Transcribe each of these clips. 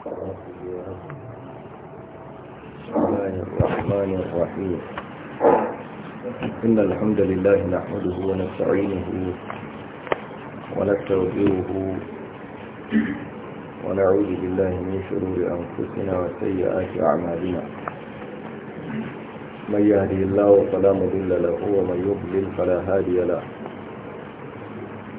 بسم الله الرحمن الرحيم إن الحمد لله نحمده ونستعينه ونستغفره ونعوذ بالله من شرور أنفسنا وسيئات أعمالنا من يهدي الله فلا مضل له ومن يضلل فلا هادي له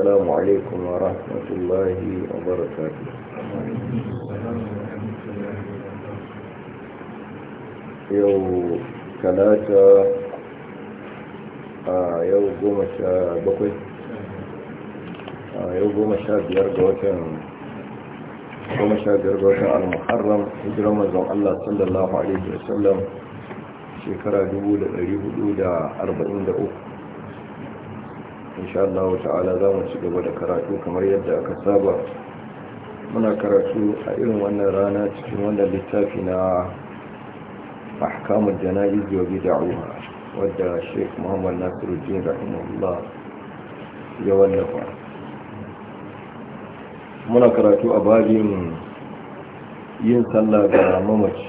السلام عليكم ورحمة الله وبركاته يوم ثلاثة آه، يوم قوم بقي آه، يوم قوم بيار قوتين قوم المحرم هجرة رمضان الله صلى الله عليه وسلم شكرا دبول ريبو دا أربعين دقوق insha Allah ta'ala za mu ci gaba da karatu kamar yadda aka saba muna karatu a irin wannan rana cikin wannan littafi na ahkamul jana'iz wa bid'ah wadda Sheikh Muhammad Nasiruddin rahimahullah ya wallafa muna karatu a babin yin sallah ga mamaci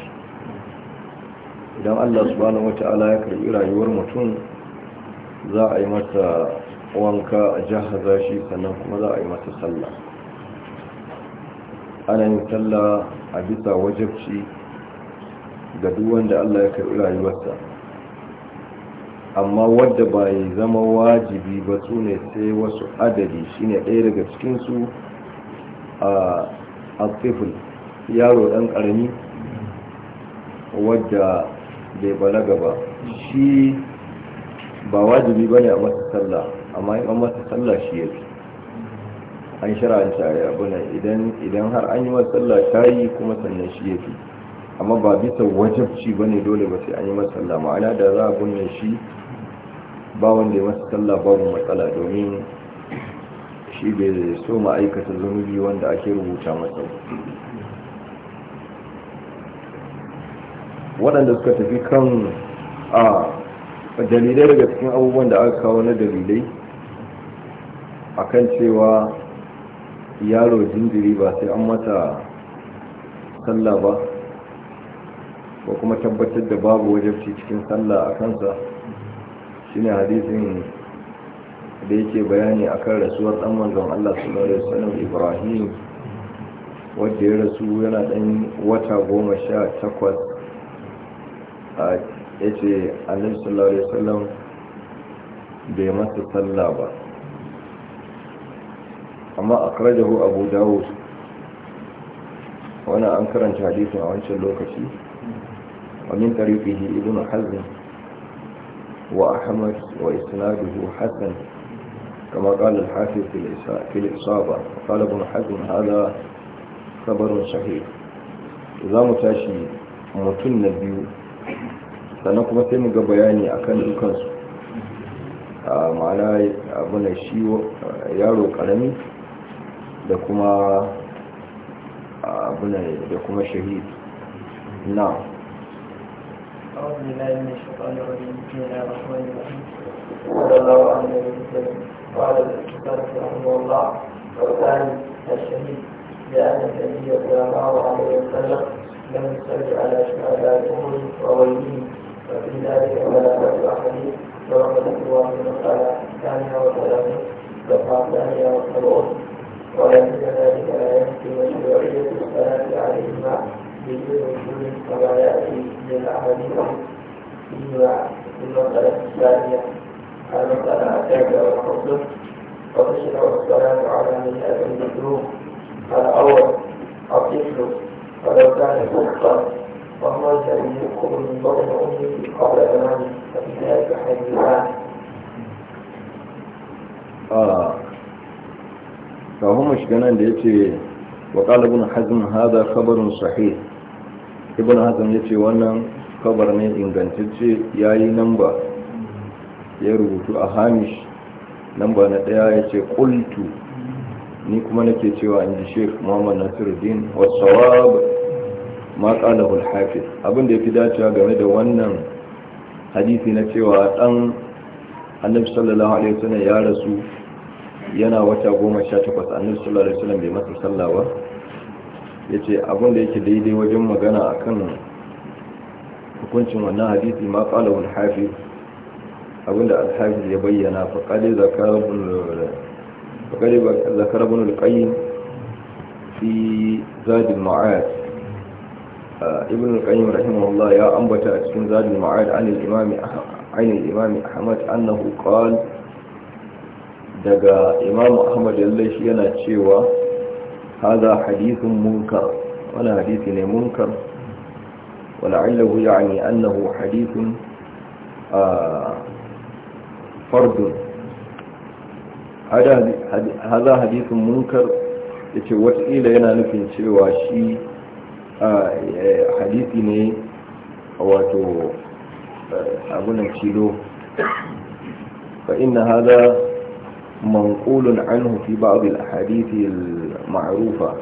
idan Allah subhanahu wata'ala ya karbi rayuwar mutum za a yi masa wanka a jihar zashi sannan kuma za a yi mata sallah ana yin sallah a bisa wajabci ga duk wanda Allah ya karɓi rayuwarsa amma wadda ba ya zama wajibi ba su ne sai wasu adadi shine ɗaya daga cikinsu a alfifil yaro ɗan ƙarami wadda bai balaga ba shi ba wajibi ba ne a masu sallah amma yi mamata masa sallah shi ya fi an shiranta ya abuna idan har an yi masa sallah ta yi kuma sannan shi ya fi amma ba bisa wajabci ba ne dole ba sai an yi masa ma'ana da za a bunne shi ba wanda ya masa sallah babu matsala domin shi bai so ma'aikata zunubi wanda ake rubuta masa waɗanda suka tafi kan a dalilai daga cikin abubuwan da aka kawo na dalilai akan cewa yaro jinjiri ba sai an mata sallah ba ko kuma tabbatar da babu wajabci cikin sallah a kansa shine hadisin da yake bayani akan rasuwar dan manzon Allah sallallahu alaihi wasallam Ibrahim wanda ya rasu yana dan wata goma sha takwas a yace Annabi sallallahu alaihi wasallam bai masa sallah ba أما أخرجه أبو داود وأنا أنكر أن تحديثه عن شلوك شيء ومن طريقه ابن حزم وأحمد وإسناده حسن كما قال الحافظ في الإصابة قال ابن حزم هذا خبر صحيح إذا متاشي متن نبيو سنقوم بثم قبياني أكن الكنس آه، معناه أبنى الشيو آه، يارو قلمي da kuma abuna da kuma shahid na أعوذ بالله من الشيطان الرجيم بسم الله الرحمن الرحيم صلى الله عليه وسلم قال رحمه الله وكان الشهيد لأن النبي صلى الله عليه وسلم لم يصلي على شهدائهم وويهم وفي ذلك ملكة الله تعالى ثانية وثلاثة وقال ثانية الله ولكن ذلك لا ينفي مشروعية الصلاة عليهما بالوصول كما يأتي من الأحاديث فيما في المسألة الثانية المسألة الثالثة والخمسة وتشرع الصلاة على مئة مكروه الأول الطفل ولو كان صدقا وهو الذي يدخل من بطن أمه قبل أمامه فبذلك حديثان kafin mu shiga da ya ce wa ƙalibin hazin hada kabarin sahih ibn hazin ya ce wannan kabar ne ingantacce ya yi namba ya rubutu a hamish namba na ɗaya ya ce ƙultu ni kuma nake cewa in ji sheik muhammad nasiruddin wasawab ma ƙalibin hafiz abinda ya fi dacewa game da wannan hadisi na cewa ɗan annabi sallallahu alaihi wasallam ya rasu yana wata goma sha takwas annabi sallallahu alaihi wasallam bai masa sallah ba ce abin da yake daidai wajen magana a akan hukuncin wannan hadisi ma kala wal hafiz abinda al ya bayyana fa qala zakarabun fa fi zadin al-ma'ad ah, ibn al-qayyim rahimahullah ya ambata a cikin zadin al-ma'ad an al-imam an ahmad annahu qala daga imam ahmad lallai shi yana cewa haza hadithun munkar wani hadithi ne munkar wala'allahu ya'ani annahu hadithun fardun haza hadithun munkar ya ce watakila yana nufin cewa shi e, hadithi ne wato e, abunan cilo fa inna haza منقول عنه في بعض الأحاديث المعروفة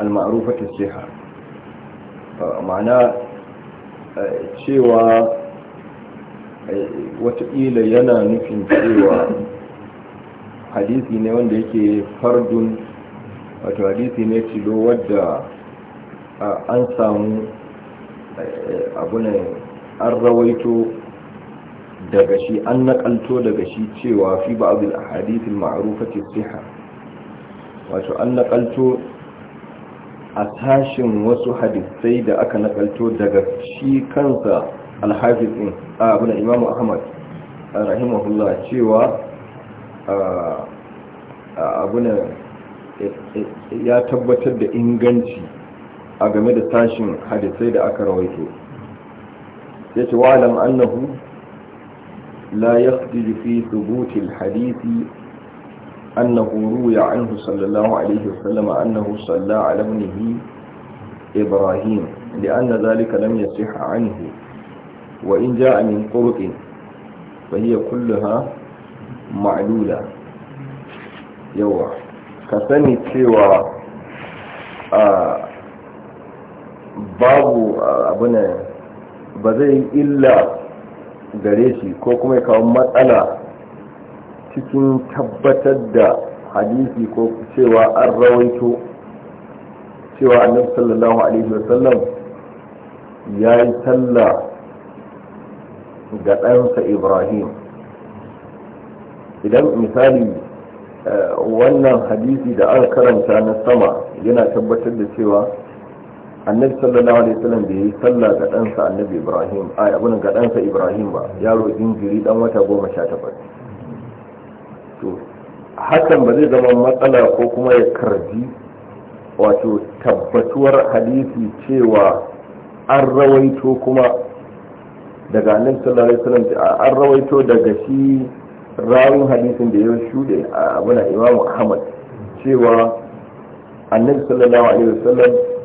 المعروفة الصحة معناه cewa watakila yana nufin cewa hadisi ne wanda yake fardun wato hadisi ne cilo wadda an samu abunan an rawaito daga shi an nakalto daga shi cewa fi ba da hadithin ma'arufacin siha wato an naƙalto a tashin wasu hadisai da aka nakalto daga shi kansa alhafiz din abin imamu ahmad rahimahullah cewa a abin e, e, ya tabbatar da inganci a game da tashin hadisai da aka rawaito ya ce wa'alam annahu لا يخرج في ثبوت الحديث أنه روي عنه صلى الله عليه وسلم أنه صلى على ابنه إبراهيم لأن ذلك لم يصح عنه وإن جاء من قرء فهي كلها معلولة يوه كثني سوى آه باب أبنى بذي إلا gare shi ko kuma ya kawo matsala cikin tabbatar da hadisi ko cewa an rawaito cewa annab sallallahu alaihi wasallam ya yi talla ga ɗansa ibrahim idan misali eh, wannan hadisi da aka karanta na sama yana tabbatar da cewa annabi sallallahu alaihi wasallam da yi sallah ga ɗansa annabi ibrahim ai abin ga ɗansa ibrahim ba yaro injiri dan wata goma sha takwas to hakan ba zai zama matsala ko kuma ya karbi wato tabbatuwar hadisi cewa an rawaito kuma daga annabi sallallahu alaihi wasallam an rawaito daga shi rawin hadisin da ya shude a abuna imamu ahmad cewa annabi sallallahu alaihi wasallam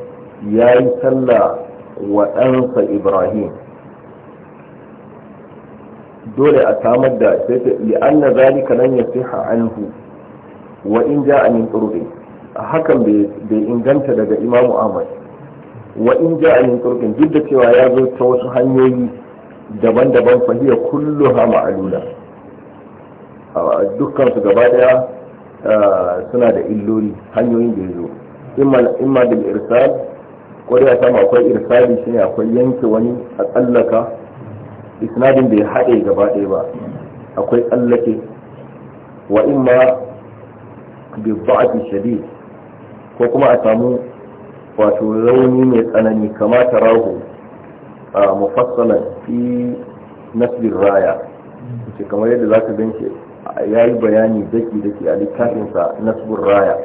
ya yi sallah wa ɗansa ibrahim dole a samar da li'anna zalika lan yasiha anhu wa in ja'a min turbi hakan bai inganta daga imamu ahmad wa in ja'a min turbi duk da cewa ya zo ta wasu hanyoyi daban-daban fahiya kulluha ma'alula dukkan su gaba daya suna da illoli hanyoyin da ya zo imma bil irsal ko da ya samu akwai irsali shine akwai yanke wani a tsallaka isnadin bai haɗe gaba ɗaya ba akwai tsallake wa imma bi ba'd shadid ko kuma a samu wato rauni mai tsanani kamata rahu a mufassalan fi nasbir raya ce kamar yadda za ka ganke ya yi bayani daki daki a littafinsa nasbur raya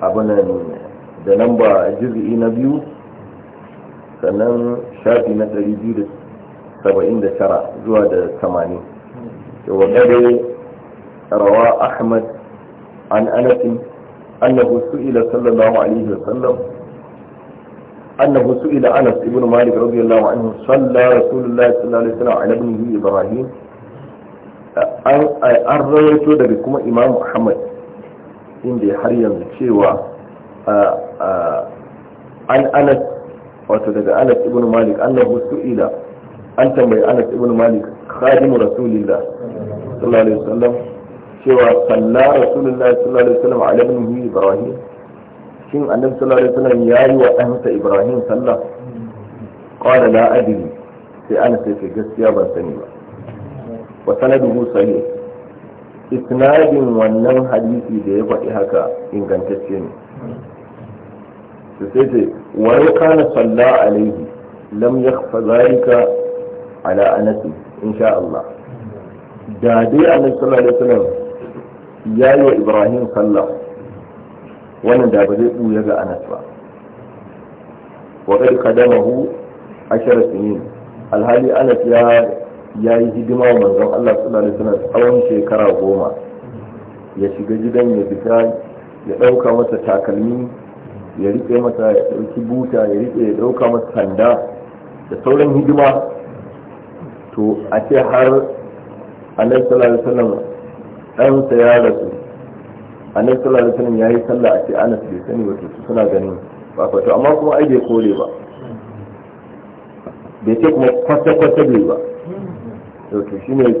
abinan da lamba juz'i na biyu sannan shafi na 279 zuwa da 80 wa gare rawa ahmad an anasin annahu su'ila sallallahu alaihi wasallam أنه سئل أنس بن مالك رضي الله عنه صلى رسول الله صلى الله عليه وسلم an rawaito daga kuma imam Ahmad inda ya har yanzu cewa an anas wato daga anas ibn malik annahu su'ila an tambayi anas ibn malik khadimu rasulillah sallallahu alaihi wasallam cewa salla rasulullah sallallahu alaihi wasallam ala ibnihi ibrahim shin annabi sallallahu alaihi wasallam yayi wa ɗansa ibrahim sallah qala la adri sai anas sai gaskiya ban sani ba wa sanaduhu sahih isnadin wannan hadisi da ya faɗi haka ingantacce ne to sai ce wa ya kana salla alaihi lam yakhfa zalika ala anasi insha Allah da dai annabi sallallahu alaihi wasallam ya yi wa Ibrahim sallah wannan da ba zai buya ga Anas ba wa kad kadamahu ashara sinin alhali Anas ya ya yi hidima wa manzon Allah sallallahu alaihi wasallam tsawon shekara goma ya shiga gidan ya fita ya dauka masa takalmi ya rike masa ya ɗauki buta ya rike ya ɗauka masa sanda da sauran hidima to a ce har annabi sallallahu alaihi wasallam ɗansa ya rasu annabi sallallahu alaihi wasallam yayi sallah a ce Anas bai sani ba su suna ganin ba fa to amma kuma ai bai kore ba bai ce kuma kwata kwata bai ba to shine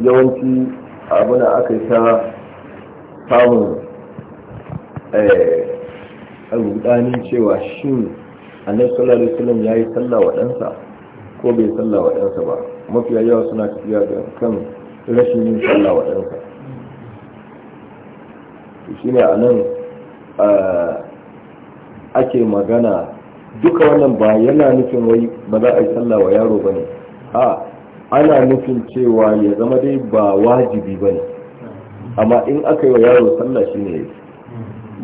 yawanci abuna aka yi ta samun eh rudanin cewa shin annabi sallallahu alaihi ya yayi sallah wa ɗansa ko bai sallah wa ba mafiya yawa suna tafiya da kan rashin yin sallah wa shi ne a nan ake magana duka wannan ba yana nufin wai ba za a yi sallah wa yaro ba ne a ana nufin cewa ya zama dai ba wajibi ba ne amma in aka yi wa yaro salla shi ne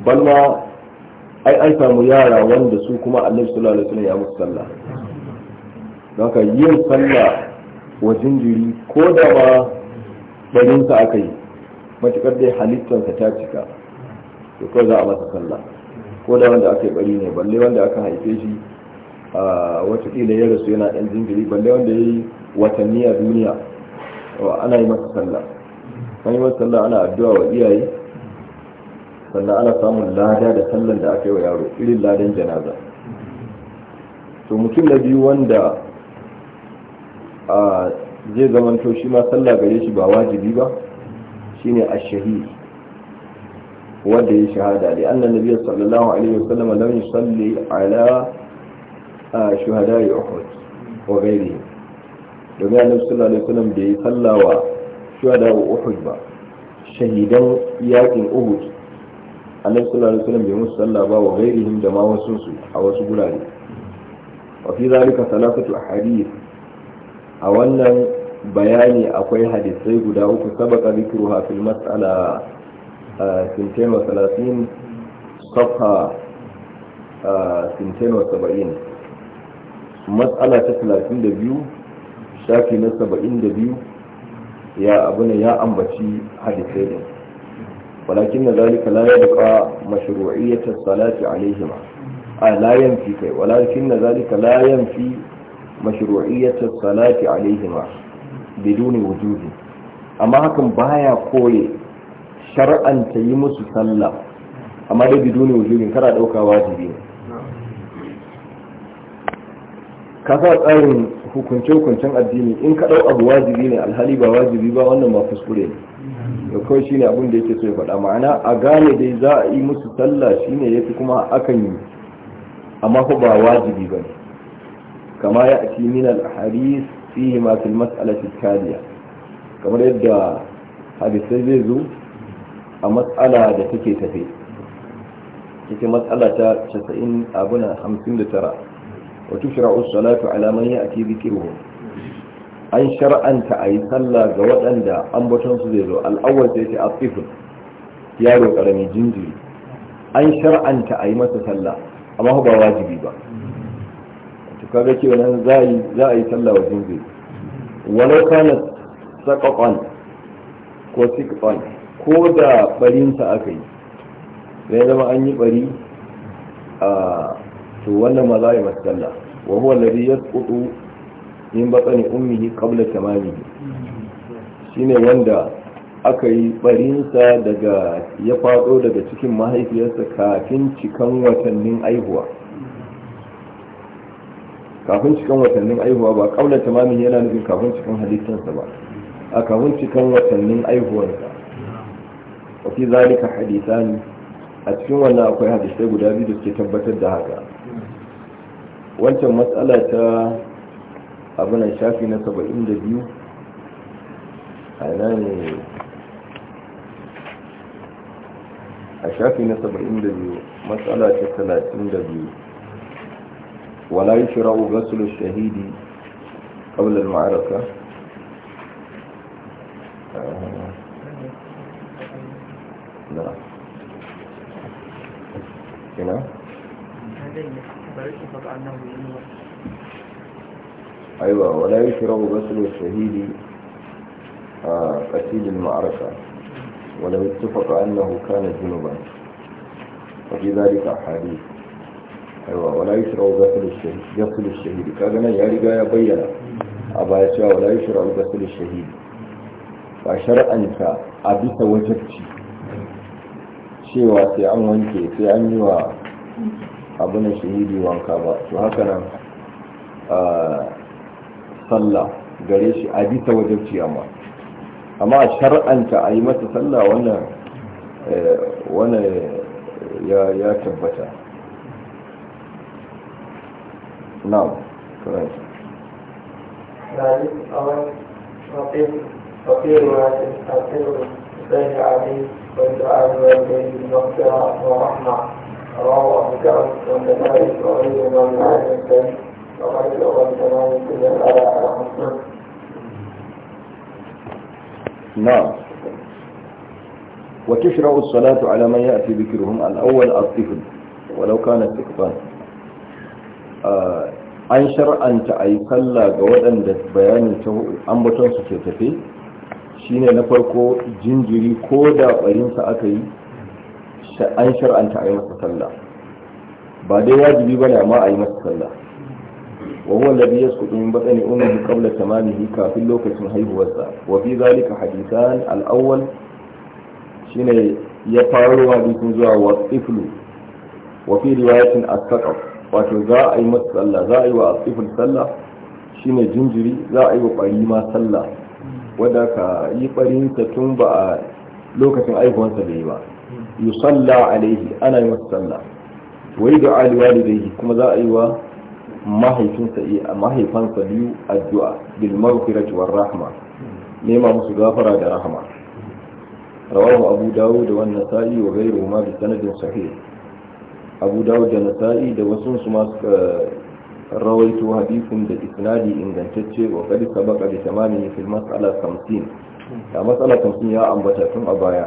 balma ai an samu yara wanda su kuma annabi sallallahu alaihi wasallam ya musu sallah don ka yin sallah wa jinjiri ko da ma sa aka yi matukar dai halittarsa ta cika to ko za a masa sallah ko da wanda aka yi bari ne balle wanda aka haife shi a watakila ya rasu yana dan jinjiri balle wanda ya yi watanni a duniya ana yi masa sallah an yi masa sallah ana addu'a wa iyaye sannan ana samun lada da sallan da aka yi wa yaro irin ladan janaza to mutum na biyu wanda a zai zamanto shi ma sallah gare shi ba wajibi ba shine a shahid wanda ya shahada li anna nabiyyi sallallahu alaihi wasallam lam yusalli ala shuhada'i uhud wa ghairihi domin annabi sallallahu alaihi wasallam bai sallawa shuhada'u uhud ba shahidan yakin uhud annabi sallallahu alaihi wasallam bai musu sallah ba wa ghairihim da ma wasu su a wasu gurare wa fi zalika salatu ahadith a wannan bayani akwai hadisai guda uku sabaka zikruha fil mas'ala 32 70 mas'ala ta 32 shafi na 72 ya abu ne ya ambaci hadisai ولكن ذلك لا يبقى مشروعية الصلاة عليهما آه لا ينفي كي ولكن ذلك لا ينفي مشروعية الصلاة عليهما بدون وجود أما هكم بايا قوي شرعا تيمس صلى أما دي بدون وجود كرا دوكا واجبين كذا قائم hukunce-hukuncen addini in ka ɗau abu wajibi ne alhali ba wajibi ba wannan ba kuskure ne da kawai shine abin da yake so ya faɗa ma'ana a gane dai za a yi musu sallah shine yafi kuma akan yi amma ku ba wajibi ba ne kama ya ake min al fihi ma fil mas'alati taliya kamar yadda hadisai zai zo a matsala da take tafe cikin matsala ta 90 abuna 59 وتشرع الصلاة على من يأتي ذكرهم أن شرعا تأي صلى قوات أندا أنبوشن سيزو الأول سيتي الطفل يارو قرمي جنجي أن شرعا تأي ما تسلى أما هو بواجبي با تكاكي ونهن زاي زاي صلى وجنجي ولو كانت سقطا ko sikfan ko da barinsa aka yi zai zama an yi bari a to wannan ma za a yi matsala wa huwa alladhi yasqutu min batni ummihi qabla tamamihi shine wanda aka yi barinsa daga ya fado daga cikin mahaifiyarsa kafin cikan watannin aihuwa kafin cikan watannin aihuwa ba qabla tamamin yana nufin kafin cikan halittarsa ba a kafin cikan watannin wa fi zalika hadisani a cikin wannan akwai hadisai guda biyu da suke tabbatar da haka wancan matsala ta abinan shafi na 72 a nan a shafi na 72 matsala ta 32 wala yi shira'u gasul shahidi ƙablar ma'araka na ina? أيوة ولا يشرب غسل الشهيد قتيل آه، المعركة ولو اتفق أنه كان جنبا وفي ذلك أحاديث أيوة ولا يشرب غسل الشهيد غسل الشهيد كأننا يرجع يبين أبا يشاء ولا يشرب غسل الشهيد فشرعا أبيت وجبتي شيء واسع an في sai abu na shahidi wanka ba to haka nan sallah gare shi a bisa wajabci amma amma shar'anta a yi mata sallah wannan wannan ya tabbata na'am correct فقير واسم الحسين عليه والدعاء والدين المغفرة ورحمة نعم وتشرع الصلاة على من يأتي ذكرهم الأول الطفل ولو كان التقفال آه، أن شرع أن تأيصلى قوضا بيان أنبطان ستفي شين نفرق جنجري كودا وإنسا أكيد an shar'anta a yi masa salla ba dai wajibi ne amma a yi masa sallah wa huwa alladhi in kabla batni ummihi qabla tamamihi kafin lokacin haihuwarsa wa fi zalika hadithan al shine ya faro hadisin zuwa wa tiflu wa fi riwayatin as wato za a yi masa sallah za a yi wa as-tifl sallah shine jinjiri za a yi wa bari ma sallah wadda ka yi barin tun ba a lokacin aihuwansa da yi ba yusalla alaihi ana yi masa sallah wai da alwalidaihi kuma za a yi wa mahaifinsa mahaifansa biyu addu'a bil maghfirati war rahma nema musu gafara da rahma rawahu abu dawud da wannan sa'i wa ghayruhu ma sanadin sahih abu dawud da nasa'i da wasu su rawaito hadisin da isnadi ingantaccewa wa qad sabaqa bi tamamihi fil mas'ala 50 da mas'ala 50 ya ambata tun a baya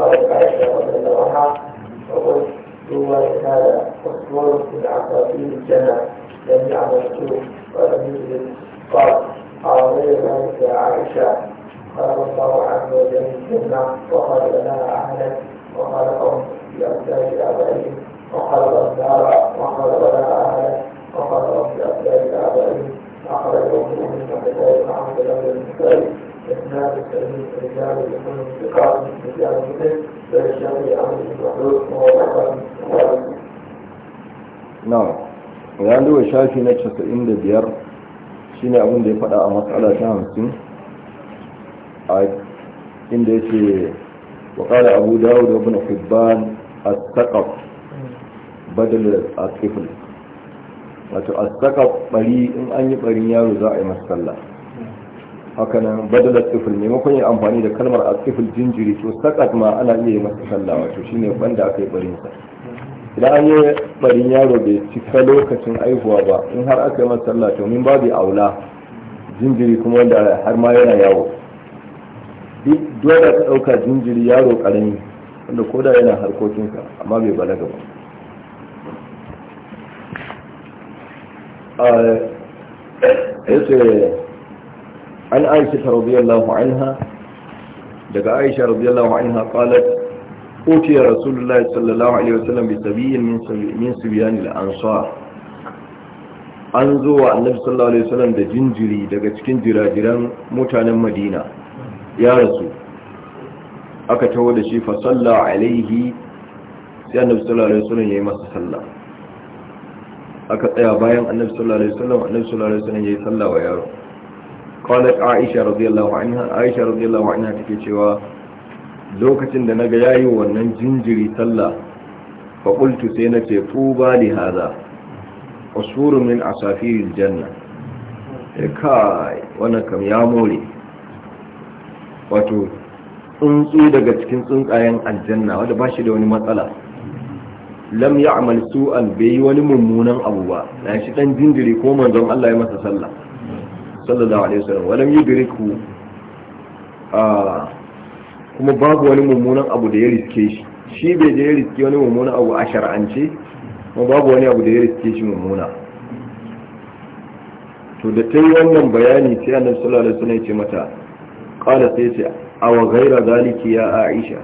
قالت عائشة رضي الله عنها فقلت هو هذا أصور من عقابيل الجنة لم يعملته ولم يجلس قال أعطي ذلك عائشة قال الله عز وجل الجنة وقال لنا أهلا وخلقهم بأمثال آبائهم وخلق النار وخلق لنا أهلا وخلقهم بأمثال آبائهم أخرجهم من كتاب محمد بن الكتاب إثناء نعم ya duba shafi na 95 shine abin da ya faɗa a matsala ta 50 a inda ya ce وقال أبو داود وابن حبان الثقب بدل الطفل wato a saka bari in an yi barin yaro za a yi masalla hakanan badal ne makon yin amfani da kalmar a asifil jinjiri to sakat ma ana iya yi masa sallah wato shine banda aka yi barin sa idan an yi barin yaro bai cika lokacin aihuwa ba in har aka yi masa sallah to min babu aula jinjiri kuma wanda har ma yana yawo duk dole ka dauka jinjiri yaro karami wanda koda yana harkokinsa amma bai balaga ba ah, yace an aisha radiyallahu anha daga aisha radiyallahu anha qalat utiya rasulullahi sallallahu alaihi wasallam bi sabiyin min min sibyan al-ansar an zo wa annabi sallallahu alaihi wasallam da jinjiri daga cikin jirajiran mutanen madina ya rasu aka tawo da shi fa salla alaihi sai annabi sallallahu alaihi wasallam yayi masa sallah aka tsaya bayan annabi sallallahu alaihi wasallam annabi sallallahu alaihi sallah wa qalat aisha radiyallahu anha aisha radiyallahu anha take cewa lokacin da naga yayi wannan jinjiri sallah fa qultu sai nace tuba li hada usurun min asafiril janna kai wannan kam ya more wato tsuntsu daga cikin tsuntsayen aljanna wanda ba shi da wani matsala lam ya'mal su'an bai yi wani mummunan abu ba shi dan jinjiri ko manzon Allah ya masa sallah sallallahu alaihi wasallam walam yudriku a ah, kuma babu wani mummunan abu da ya riske shi shi bai je ya riske wani mummunan abu a shar'ance kuma babu wani abu da ya riske shi mummuna to da ta yi wannan bayani sai annabi sallallahu alaihi wasallam ya ce mata qala sai ce aw ghaira zaliki ya aisha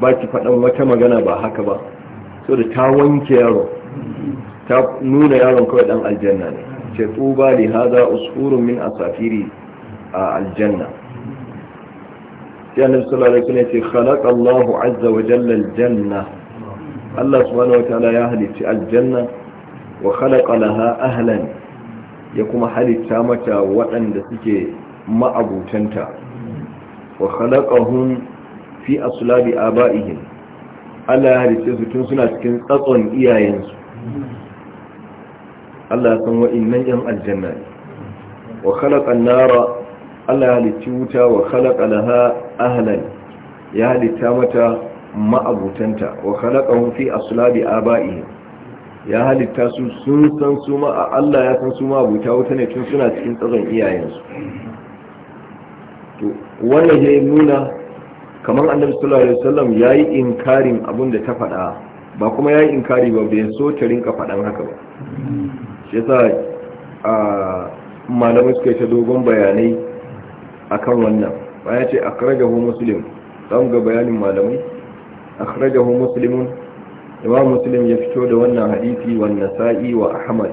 ba ki faɗan wata magana ba haka ba so da ta wanke yaro ta nuna yaron kawai dan aljanna ne ce tuba li hada usfurun min asafiri a aljanna sai annabi sallallahu alaihi wasallam ce khalaqa Allahu azza wa jalla Allah subhanahu wa ta'ala ya halicci aljanna wa khalaqa laha ahlan ya kuma halitta mata waɗanda suke ma'abutanta wa khalaqahum fi aslabi aba'ihim Allah ya halitta su tun suna cikin tsatson iyayensu Allah san wa'innan yan aljanna ne wa khalaqa an-nara Allah halitta wuta wa khalaqa laha ahlan ya halitta mata ma'abutanta wa khalaqahum fi aslabi aba'ihim ya halitta su sun san su ma Allah ya san su ma abuta wuta ne tun suna cikin tsaron iyayensu to wannan ya nuna kamar annabi sallallahu alaihi wasallam yayi inkarin abin da ta faɗa ba kuma yayi inkari ba bai so ta rinka faɗan haka ba shi sa a malamai suka ta dogon bayanai akan wannan ya ce akhrajahu muslim dan ga bayanin malamai akhrajahu muslimun imam muslim ya fito da wannan hadisi wa nasa'i wa ahmad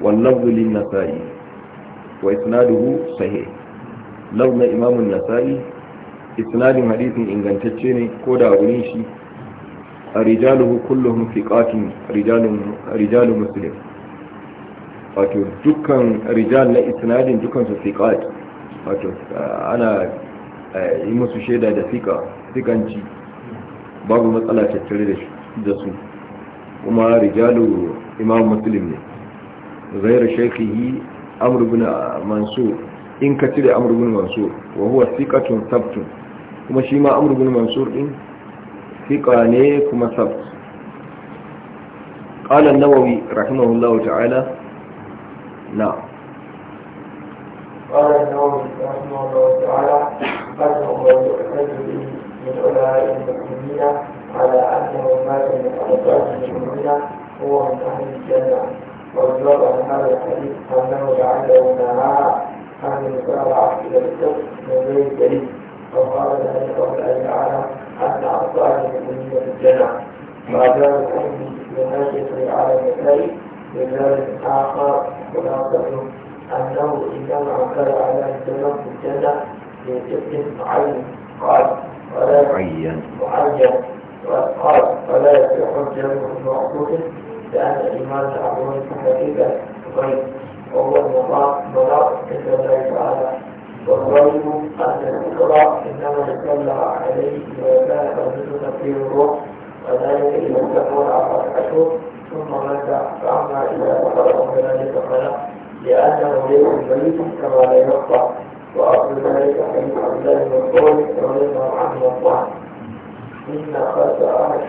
wa lafz lin nasa'i wa isnaduhu sahih lafz imam an-nasa'i isnadin hadisin ingantacce ne ko da wurin shi a rijaluhu kulluhum fiqatun rijalun rijalun muslim wato dukkan rijal na isnadin dukkan su fiqat wato ah, ana eh, yi musu shaida da fiqa babu matsala tattare da su kuma rijalu imam muslim ne zaira shaykhihi amr ibn mansur in ka cire amr ibn mansur wa huwa thiqatun sabtun kuma shi ma amr ibn mansur din thiqa ne kuma sabt qala an-nawawi rahimahullahu ta'ala نعم قال النووي رحمه الله تعالى قدهم ويؤخذ به من علماء المسلمين على انه مات من اعضاء المسلمين هو من اهل الجنه والجواب عن هذا الحديث انه لعله نهى عن المسارعه الى الكفر من غير دليل وقال ذلك الله تعالى ان أبطال المسلمين في الجنه ما دام الحمد لهذه على المسائل لذلك اخر أنه إذا انكر على الجنة الجنة لجد عين قال ولا معين معين وقال ولا يصح جمع معقول لأن الإيمان تعبون حقيقة غير وهو المضاق مضاق إلى الله تعالى والغيب أن الإقراء إنما يطلع عليه ويبان منه تقدير الروح وذلك إذا تكون أربعة أشهر ثم ماذا فعلنا إلى مقام ذلك فلا لأنه ليس ميت كما لا يقطع وأصل ذلك حديث عبد الله بن قول رضي الله إن خلق أحد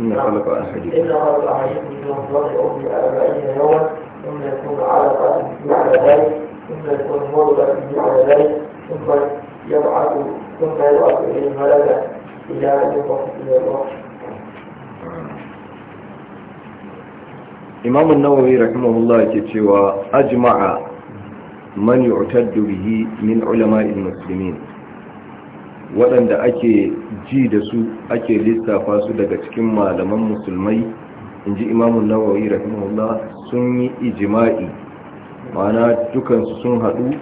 إن خلق أحد إن خلق أحد من ضرب أمي أربعين يوما ثم يكون علقة مثل ذلك ثم يكون مضغة مثل ذلك ثم يبعث ثم يبعث إليه ملكا إلى أن يقف إلى الوقت imamun nawawi rahimahullah ke cewa ajma'a man yu'taddu bihi min ulama'il muslimin waɗanda ake ji da su ake lissafa su daga cikin malaman musulmai in ji imamun nawawi rahimahullah sun yi ijima'i mana dukansu sun haɗu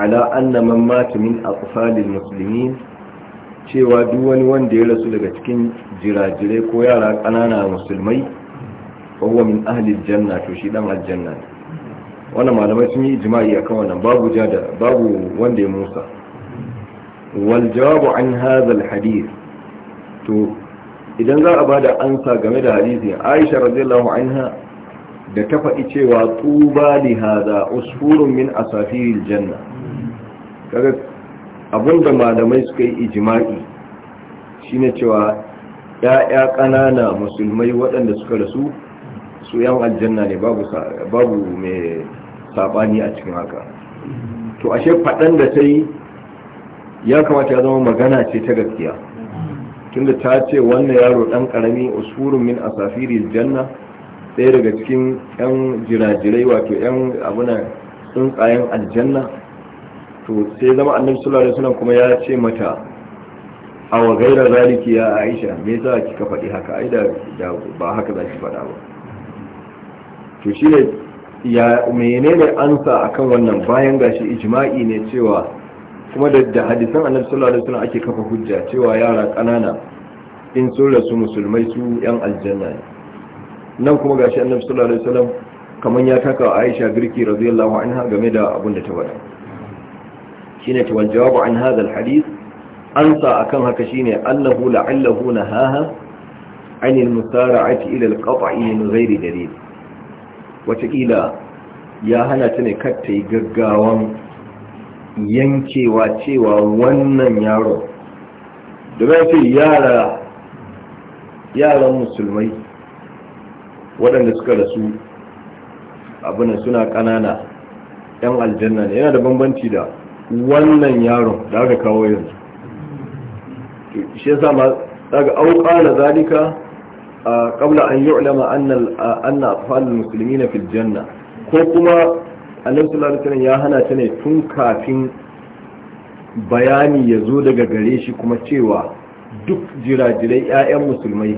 ala anna man mata min atfalil muslimin cewa duk wani wanda ya rasu daga cikin jirajirai ko yara ƙanana musulmai fahuwa min ahlil janna to shi dan aljanna ne wannan malamai sun yi ijma'i akan wannan babu jada babu wanda ya musa wal jawabu an hadha al hadith to idan za a bada ansa game da hadisi Aisha radiyallahu anha da ta faɗi cewa tuba li hadha usfurun min asafiril janna kaga abinda malamai suka yi ijma'i shine cewa ya'ya ƙanana musulmai waɗanda suka rasu su yan aljanna ne babu mai sabani a cikin haka to ashe faɗan da ta yi ya kamata ya zama magana ce ta gaskiya tunda ta ce wannan yaro ɗan ƙarami usurun min asafiri janna ɗaya daga cikin 'yan jirajirai wato 'yan abunan tsuntsayen aljanna to sai zama annabi sallallahu alaihi wasallam kuma ya ce mata awa gaira zaliki ya aisha me za ki ka faɗi haka ai da ba haka za ki faɗa ba to shi ne ya menene ansa akan wannan bayan gashi ijma'i ne cewa kuma da da hadisan annabi sallallahu alaihi wasallam ake kafa hujja cewa yara kanana in sun rasu musulmai su yan aljanna ne nan kuma gashi annabi sallallahu alaihi wasallam kaman ya taka Aisha girki radiyallahu anha game da abin da ta faɗa shine ta wal jawabu an hadha al ansa akan haka shine annahu la'allahu nahaha anil musara'ati ila al qat'i min ghairi dalil Wataƙila ya hana ta ne katta yi gaggawan yankewa cewa wannan yaro ba ce yaran musulmai waɗanda suka rasu abinan suna ƙanana 'yan aljanna ne yana da bambanci da wannan yaron da aka kawo yanzu shi ya sa ma daga auƙa da zalika قبل an يعلم أن أن أطفال المسلمين في الجنة ko kuma annabi sallallahu alaihi ya hana ne tun kafin bayani ya zo daga gare shi kuma cewa duk jirajirai 'ya'yan musulmai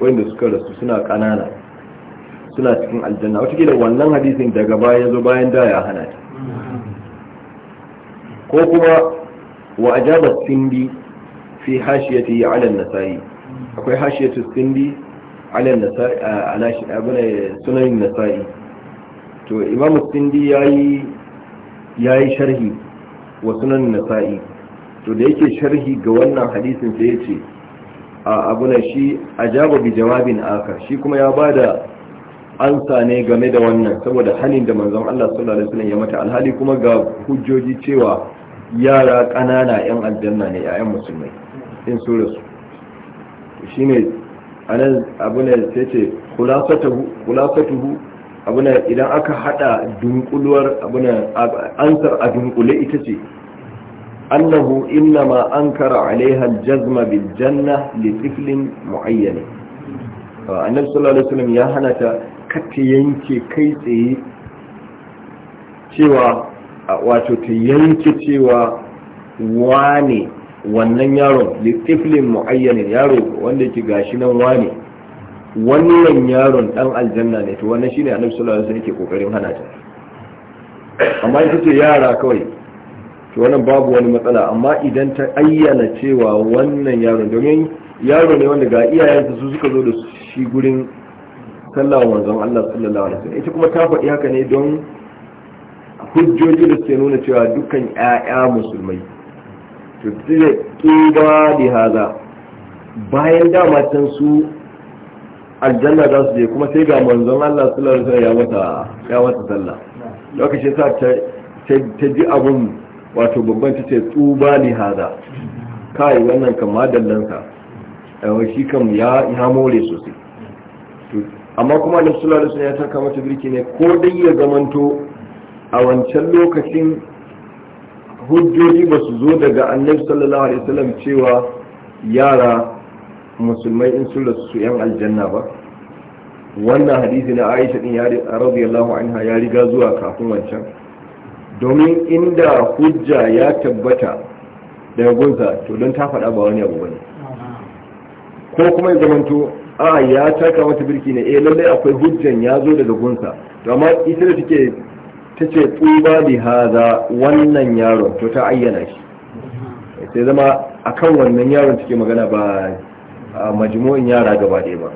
wanda suka rasu suna ƙanana, suna cikin aljanna watakila wannan hadisin daga baya zo bayan da ya hana ta ko kuma wa ajabat sindi fi hashiyati yi nasai akwai hashiyatu sindi ala nasa'i sunan nasa'i to imam sindi yayi yayi sharhi wa sunan nasa'i to da yake sharhi ga wannan hadisin sai yace a abuna shi ajaba bi jawabin akar shi kuma ya ba da ansa ne game da wannan saboda halin da manzon Allah sallallahu alaihi wasallam ya mata alhali kuma ga hujjoji cewa yara ƙanana 'yan aljanna ne 'ya'yan musulmai in su shi ne a nan sai ce abu ne idan aka hada dunkuluwar ne ansar a dunkule ita ce annahu innama ankara alaiha aljazma bil janna li tiflin muayyan annab sallallahu alaihi wasallam ya hana ta katta yanke ta yanke cewa wane wannan yaron litiflin mu'ayyanin yaro wanda yake gashi nan wane wannan yaron dan aljanna ne to wannan shine annabi sallallahu alaihi wasallam yake kokarin hana ta amma ita ce yara kawai to wannan babu wani matsala amma idan ta ayyana cewa wannan yaron domin yaro ne wanda ga iyayensa su suka zo da shi gurin sallah manzon Allah sallallahu alaihi wasallam ita kuma ta faɗi haka ne don hujjoji da suke nuna cewa dukkan ƴaƴa musulmai tuttire ƙida da haza bayan dama can su aljanna za su je kuma sai ga manzon Allah sallallahu alaihi ya wata ya wata sallah lokacin sa ta ta ji abun wato babban ta ce tsuba li haza kai wannan kan madallan sa eh shi kan ya ya more sosai amma kuma da sallallahu alaihi ya taka mata birki ne ko dai ya zamanto a wancan lokacin hujjoji ba su zo daga annabi sallallahu alaihi wasallam cewa yara musulmai in sun rasu yan aljanna ba wannan hadisi na aisha din ya radiyallahu anha ya riga zuwa kafin wancan domin inda hujja ya tabbata daga gunsa to don ta faɗa ba wani abu bane ko kuma ya zamanto a ah, ya taka wata birki ne eh lallai akwai hujjan ya zo daga gunsa to amma ita da take ta ce tuba bi haza wannan yaron to ta ayyana shi sai zama akan wannan yaron take magana ba a majmu'in yara gaba ɗaya ba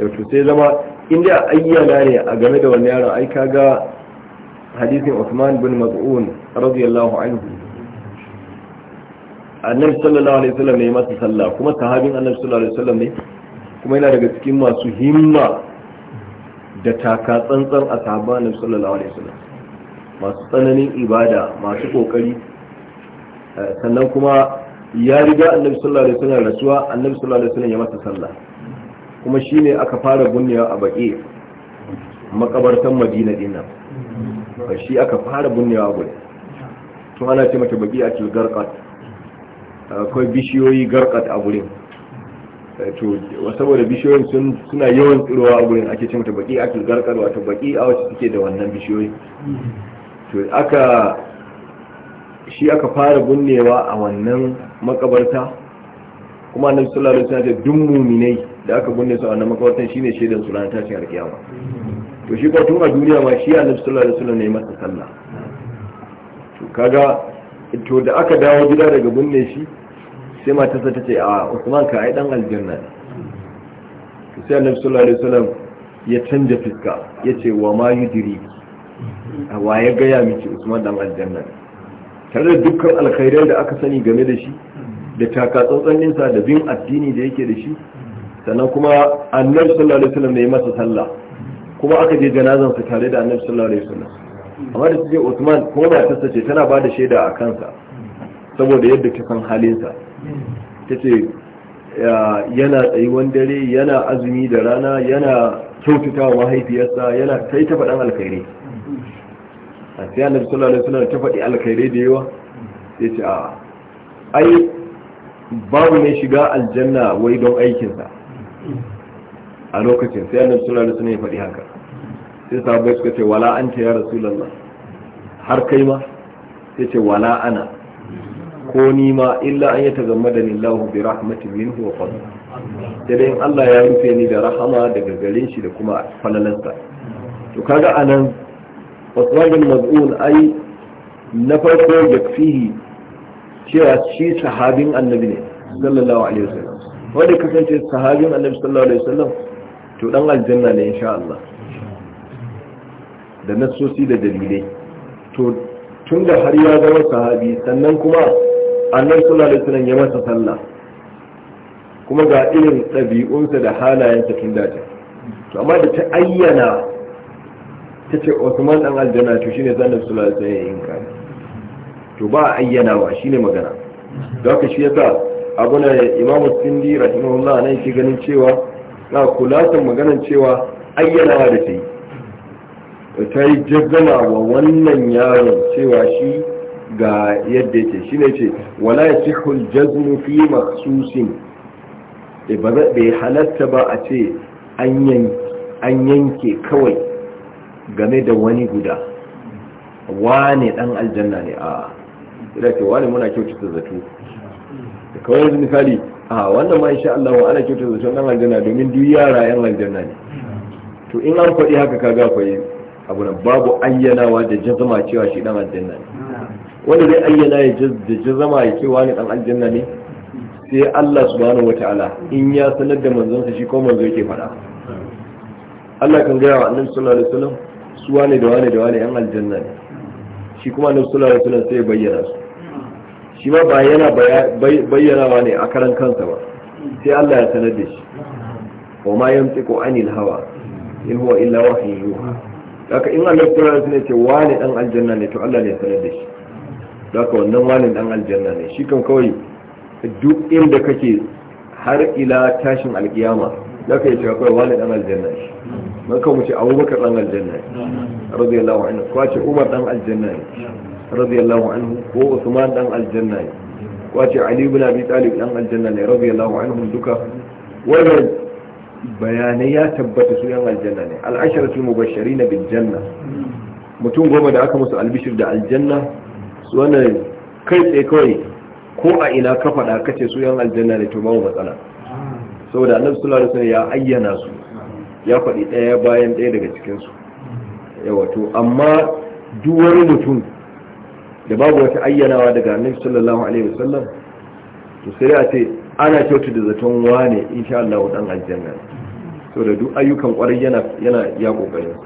yau to sai zama inda ayyana ne a game da wannan yaron ai kaga hadisin Uthman bin Maz'un radiyallahu anhu annabi sallallahu alaihi wasallam ne masa sallah kuma sahabin annabi sallallahu alaihi wasallam ne kuma yana daga cikin masu himma da taka tsantsan a sahabban annabi sallallahu alaihi wasallam masu tsananin ibada masu kokari eh, sannan kuma ya riga annabi sallallahu alaihi wasallam rasuwa annabi sallallahu alaihi wasallam ya masa sallah kuma shine aka fara bunniya a baki makabartan madina dinnan shi aka fara bunniya gure To ana ce mata baƙi a cikin garqat akwai bishiyoyi garqat a gurin eh, to saboda bishiyoyin sun suna yawan tsirowa a gurin ake ce mata baƙi a cikin garqat wato baƙi a wacce suke da wannan bishiyoyi to aka shi aka fara gunnewa a wannan makabarta kuma annabi sallallahu alaihi wasallam duk mu'minai da aka gunne su a wannan shi shine shaidan su ranar tashin alkiyama to shi ko tun a duniya ma shi annabi sallallahu alaihi wasallam ne masa sallah to kaga to da aka dawo gida daga gunne shi sai tasa ta ce a Usman ka ai dan aljanna sai annabi sallallahu alaihi wasallam ya canja fiska yace wa ma yudriki a waye gaya miki usman dan aljanna tare da dukkan alkhairai da aka sani game da shi da taka sa da bin addini da yake da shi sannan kuma annabi sallallahu alaihi wasallam ne masa sallah kuma aka je janazan sa tare da annabi sallallahu alaihi wasallam amma da suke Usman kuma matarsa ce tana ba da shaida a kansa saboda yadda ta san halinsa ta ce yana tsayuwan dare yana azumi da rana yana kyautatawa wa mahaifiyarsa yana yi ta faɗan alkhairi a sai annabi sallallahu alaihi wasallam ta faɗi alkhairai da yawa sai ce a ai babu ne shiga aljanna wai don aikinsa a lokacin sai annabi sallallahu alaihi wasallam ya faɗi haka sai sabo suka ce wala anta ya rasulullah har kai ma sai ce wala ana ko ni ma illa an yata zama da lillahu bi rahmatin minhu wa fadl sai dai Allah ya rufe ni da rahama daga garin shi da kuma falalansa to kaga anan usman maz'un ai na farko yakfihi cewa shi sahabin annabi ne sallallahu alaihi وسلم wanda kasance sahabin annabi sallallahu alaihi wasallam to dan aljanna ne insha Allah da nasosi da dalilai tun da har ya zama sahabi sannan kuma annabi sallallahu alaihi wasallam ya masa sallah kuma ga irin ɗabi'unsa da halayensa tun da to amma da ta ayyana ta ce Usman dan aljanna to shine sanin sallallahu alaihi wasallam to ba ayyanawa shine magana da haka shi yasa abu na imamu sindi rahimahullah nan shi ganin cewa na kulatan maganan cewa ayyanawa da ta yi ta yi jazzama wa wannan yaron cewa shi ga yadda yake shi ne ce wala ya cihul jazmu fi maksusin eh, bai halatta ba a ce an yanke kawai game da wani guda wane dan aljanna ne a ila ce wane muna kyautata zato da kawai wani misali a wannan ma insha Allah ana kyautata zato dan aljanna domin duk yara yan aljanna ne to in an faɗi haka kaga akwai abu nan babu ayyanawa da jazama cewa shi dan aljanna ne wanda zai ayyana ya da jazama ya ce wani dan aljanna ne sai Allah subhanahu wataala in ya sanar da manzon sa shi ko manzo yake faɗa Allah kan gaya wa annabi sallallahu alaihi wasallam su wane da wane da wane yan aljanna ne shi kuma na sallallahu da suna sai bayyana su shi ma ba yana bayyanawa ne a karan kansa ba sai Allah ya sanar da shi wa ma tsiko anil hawa in huwa illa wahyu yuha daga in Allah sallallahu da suna ce wane dan aljanna ne to Allah ne ya sanar da shi daga wannan wane dan aljanna ne shi kan kawai duk inda kake har ila tashin alkiyama daga yi cewa kawai wane dan aljanna ne don kan wuce abubakar dan aljanna ne radiyallahu anhu ko ce umar dan aljanna ne radiyallahu anhu ko usman dan aljanna ne ko ce ali ibn abi talib dan aljanna ne radiyallahu anhu duka wannan bayanai ya tabbata su yan aljanna ne al-asharatu mubashirin bil janna mutum goma da aka musu albishir da aljanna su wannan kai tsaye kawai ko a ina ka faɗa kace su yan aljanna ne to babu matsala saboda annabi sallallahu alaihi wasallam ya ayyana su ya faɗi ɗaya bayan ɗaya daga cikinsu yawato amma duk wani mutum da babu wata ayyanawa daga annabi sallallahu alaihi wasallam to sai a ce ana kyautu da zaton wane insha Allah dan aljanna to da duk ayyukan kwarai yana yana ya kokarin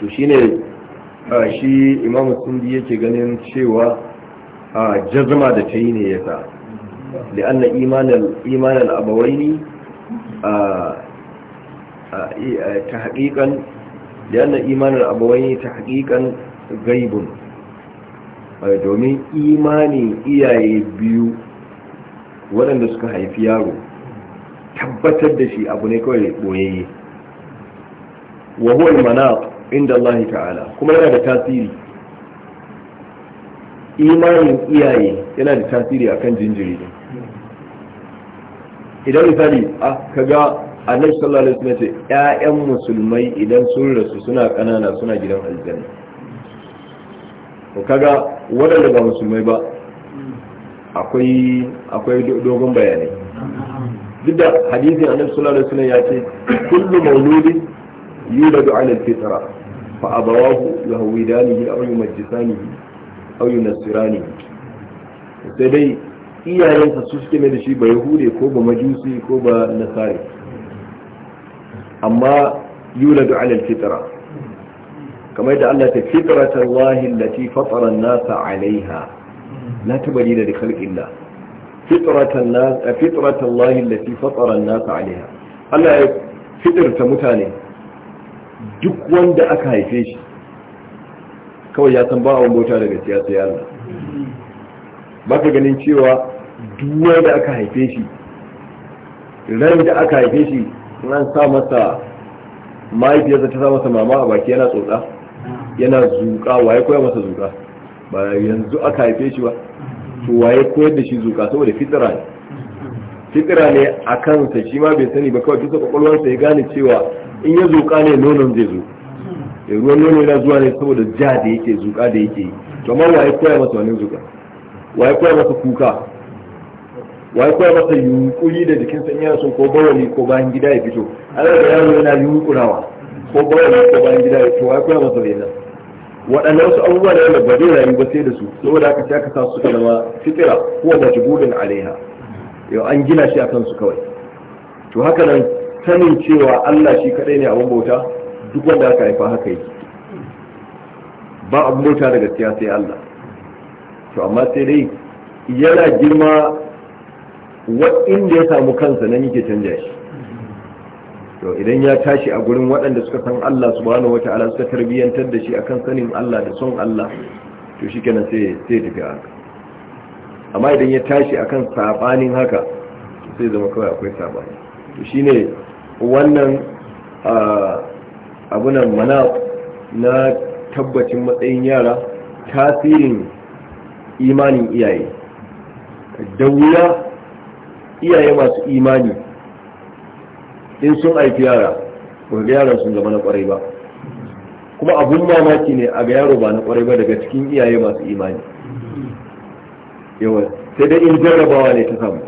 to shine shi imamu sundi yake ganin cewa jazma da tayi ne yasa لأن na imanin الأبوين آه ta haƙiƙan da yana imanin abuwai ta haƙiƙan gaibun domin imanin iyaye biyu waɗanda suka haifi yaro tabbatar da shi abu ne kawai ɓoyayye wa mana al inda Allah ta'ala kuma yana da tasiri imanin iyaye yana da tasiri akan jinjiri idan misali a ah, kaga annabi sallallahu alaihi wasallam ce ƴaƴan musulmai idan sun rasu suna kanana suna gidan aljanna to kaga wadanda ba musulmai ba akwai akwai dogon bayanai duk da hadisin annabi sallallahu alaihi wasallam ya ce kullu mauludin yuladu ala alfitra fa abawahu yahwidanihi aw yumajjisanihi aw yunassiranihi sai dai iyayensa su suke mai da shi ba yahude ko ba majusi ko ba nasari amma yuladu ala alfitra kamar yadda Allah ta ta Allah allati fatara an-nasa alaiha la tabdila li da fitrata an-nas fitrata Allah allati fatara nasa alaiha Allah ya fitrata mutane duk wanda aka haife shi kawai ya san ba a mota daga siyasa ya Allah ba ka ganin cewa duk wanda aka haife shi ran da aka haife shi nan sa masa mahaifiyarsa ta sa masa mama a baki yana tsotsa yana zuka waye koya masa zuka ba yanzu aka haife shi ba to waye koyar da shi zuka saboda fitira ne fitira ne a kansa shi ma bai sani ba kawai bisa kwakwalwarsa ya gane cewa in ya zuka ne nonon zai zo ya eh, ruwan nono yana zuwa ne saboda ja da yake zuka da yake yi to amma waye koya masa wani zuka waye koya masa kuka wai koya masa yunkuri da jikin in yana son ko bawali ko bayan gida ya fito an da yaro yana yunkurawa ko bawali ko bayan gida ya fito wai koya masa wannan waɗannan wasu abubuwa da yadda ba zai rayu ba sai da su saboda haka sai aka sa su kalma fitira ko majbulun alaiha yau an gina shi akan su kawai to haka nan sanin cewa Allah shi kadai ne abin bauta duk wanda aka haifa haka yi. ba abin bauta da gaskiya sai Allah to amma sai dai yana girma Waɗanda ya samu kansa nan yake canja shi to idan ya tashi a gurin waɗanda suka san Allah subhanahu wataala suka tarbiyantar da shi akan sanin Allah da son Allah to shikenan sai sai tafi haka amma idan ya tashi akan sabanin haka sai zama kawai akwai sabani to shine wannan nan mana na tabbacin matsayin yara tasirin imanin iyaye da wuya iyaye masu imani in sun aiki yara ba ga yaran sun zama na kwarai ba kuma abun mamaki ne a ga yaro ba na kwarai ba daga cikin iyaye masu imani yawa sai dai in jarrabawa ne ta samu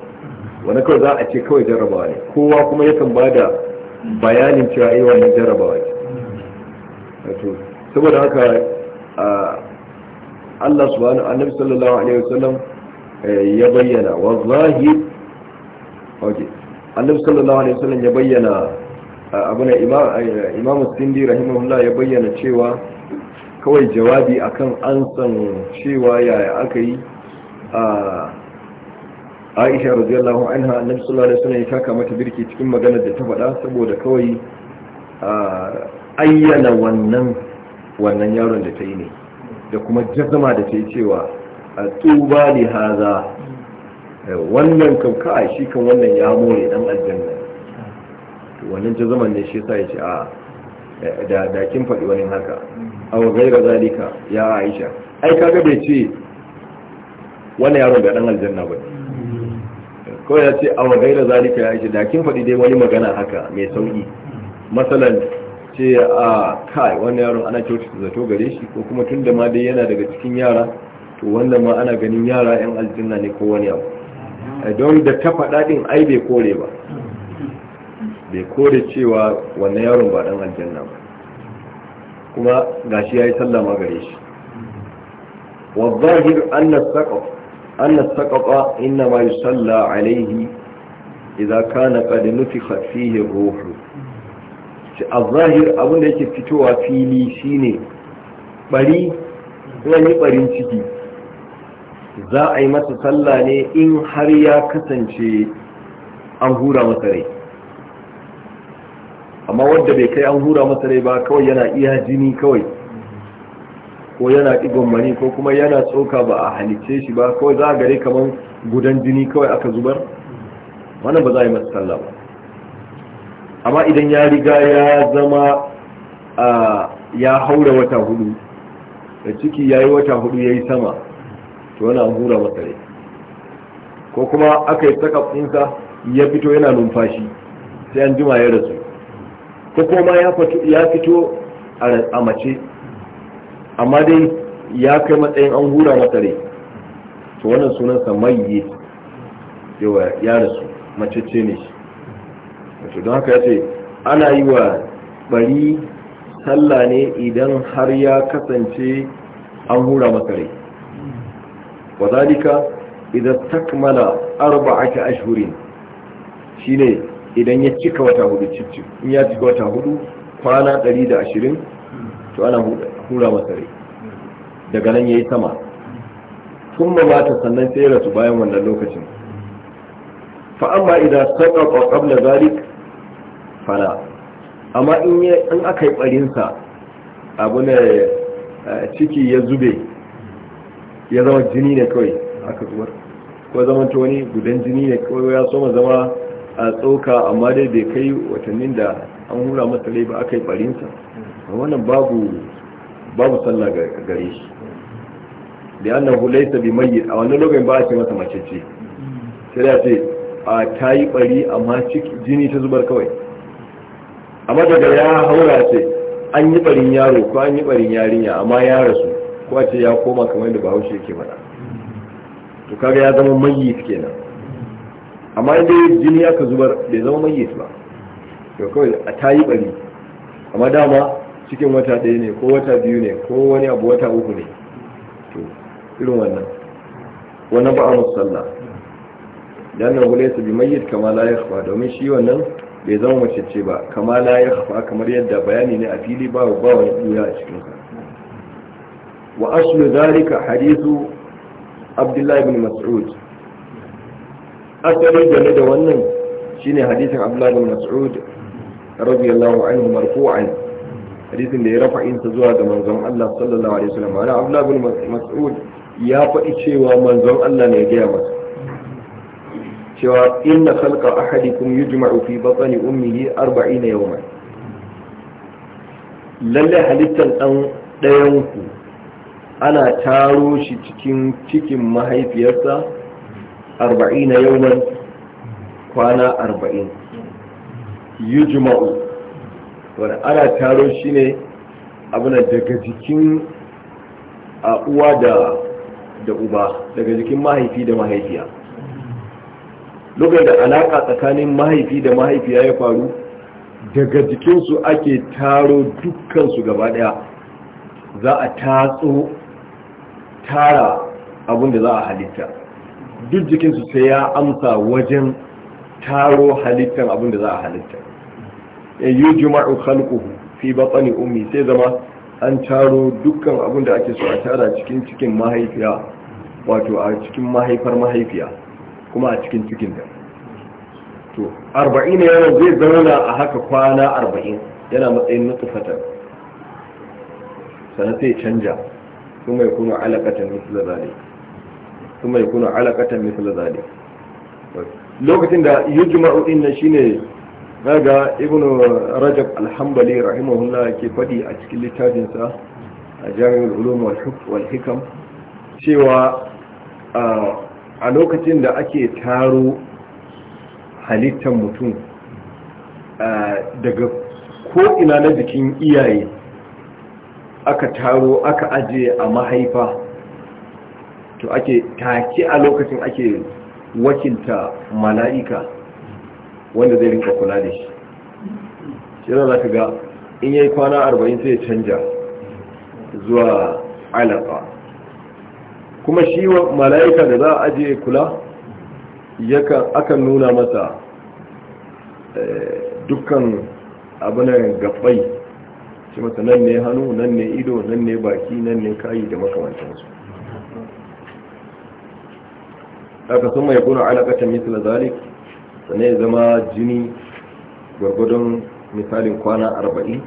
wani kawai za a ce kawai jarrabawa ne kowa kuma yakan ba da bayanin cewa yi eh, wani jarrabawa ne. saboda haka Allah subhanahu annabi sallallahu alaihi wasallam eh, ya bayyana wa zahir ok annabi sallallahu alaihi wasallam ya bayyana abuna imam sindi rahimahullah ya bayyana cewa kawai jawabi akan an san cewa yaya aka yi a aisha radiyallahu anha annabi sallallahu alaihi wasallam ya taka mata birki cikin maganar da ta faɗa saboda kawai ayyana wannan wannan yaron da ta yi ne da kuma jazama da ta yi cewa a tuba li haza wannan kan ka shi kan wannan ya more dan aljanna wannan ta zaman ne shi yasa ya ce a da da kin faɗi wani haka aw gaira zalika ya Aisha ai kaga bai ce wannan yaron ga dan aljanna ba ko ya ce aw gaira zalika ya Aisha da kin faɗi dai wani magana haka mai sauki masalan ce a kai wannan yaron ana kyautata zato gare shi ko kuma tunda ma dai yana daga cikin yara to wannan ma ana ganin yara yan aljanna ne ko wani abu Eh, don da ta faɗa ɗin ai bai kore ba bai kore cewa wannan yaron ba dan aljanna ba kuma ga shi ya yi sallama gare shi wa zahir anna saqaf saqafa inna ma yusalla alayhi idza kana qad nufikha fihi ruhu shi azahir abin da yake fitowa fili shine bari ko yi barin ciki za a yi masa sallah ne in har ya kasance an hura masa rai amma wadda bai kai an hura masa rai ba kawai yana iya jini kawai ko yana ɗigon mani ko kuma yana tsoka ba a halice shi ba kawai za a gare kamar gudan jini kawai aka zubar wannan ba za a yi masa sallah ba amma idan ya riga ya zama ah, ya haura wata hudu da ciki ya yi wata hudu ya yi sama to yana hura masa rai ko kuma aka yi saka ya fito yana numfashi sai an jima ya rasu ko kuma ya fito a mace amma dai ya kai matsayin an hura masa rai to wannan sunansa yi yawa ya rasu mace ce ne shi wato don haka ya ce ana yi wa bari sallah ne idan har ya kasance an hura masa rai wa zalika idan takmala arba'ata ashhurin shine idan ya cika wata hudu cicci in ya cika wata hudu kwana 120 to ana hura masa daga nan yayi sama kuma mata sannan sai rasu bayan wannan lokacin fa amma idan saqaqa qabla zalik fala amma in aka yi barin sa abu ne ciki ya zube ya zama jini ne kawai aka zubar ko zama ta wani gudan jini ne kawai ya soma zama a tsoka amma dai bai kai watannin da an hura masa laifi aka yi barinsa wannan babu sallah sallah gare shi da annahu laysa bi mai a wannan lokacin ba a ce masa mace ce sai da ce a yi bari amma jini ta zubar kawai amma daga ya haura ce an yi barin yaro ko an yi barin yarinya amma ya rasu ko a ce ya koma kamar da bahaushe yake faɗa to kaga ya zama mayyit kenan amma inda jini aka zubar bai zama mayyit ba to kawai a tayi bari amma dama cikin wata ɗaya ne ko wata biyu ne ko wani abu wata uku ne to irin wannan wannan ba a musalla dan nan gule su bi mayyit kama la yakhfa domin shi wannan bai zama mace ce ba kama la yakhfa kamar yadda bayani ne a fili ba ba wani duya a cikin ka وأصل ذلك حديث عبد الله بن مسعود أسأل جميل ونن شيني حديث عبد الله بن مسعود رضي الله عنه مرفوعا حديث اللي رفع إنت زواج من زم الله صلى الله عليه وسلم أنا عبد الله بن مسعود يا فإشي ومن زم الله نجامة شوى إن خلق أحدكم يجمع في بطن أمه أربعين يوما لله halittar ɗan ɗayanku ana taro shi cikin cikin mahaifiyarsa arba'in na yawan kwana arba'in juma'u. wadda ana taro shi ne abinan daga jikin uwa da da uba daga jikin mahaifi da mahaifiya lokacin da alaka tsakanin mahaifi da mahaifiya ya faru daga jikinsu ake taro dukkansu gaba daya za a tatso tara abin da za a halitta duk jikinsu sai ya amsa wajen taro halittar abin da za a halitta ya yi juma'u khalquhu fi batsani ummi sai zama an taro dukkan abin da ake so a tara cikin cikin mahaifiya wato a cikin mahaifar mahaifiya kuma a cikin cikin da to 40 yana zai zauna a haka kwana 40 yana matsayin nutsufatar sana sai canja ثم يكون علقة مثل ذلك ثم lokacin da yujma'u din nan shine daga ibn rajab alhambali hanbali rahimahullah ke faɗi a cikin littafin a jami'ul ulum wal cewa a lokacin da ake taro halittar mutum daga ko ina na jikin iyaye aka taro aka ajiye a mahaifa to ake take a lokacin ake wakilta mala'ika wanda zai rinka kula da shi shirar za ka ga in yi kwana arba'in sai ya canja zuwa alaƙa kuma shi mala'ika da za a ajiye kula akan nuna masa eh, dukkan abinan gabbai ce masa nan ne hannu nan ne ido nan ne baki nan ne kayi da makamantansu haka sun mai kuna alaƙatan misal zalik sanai zama jini gwargwadon misalin kwana arba'in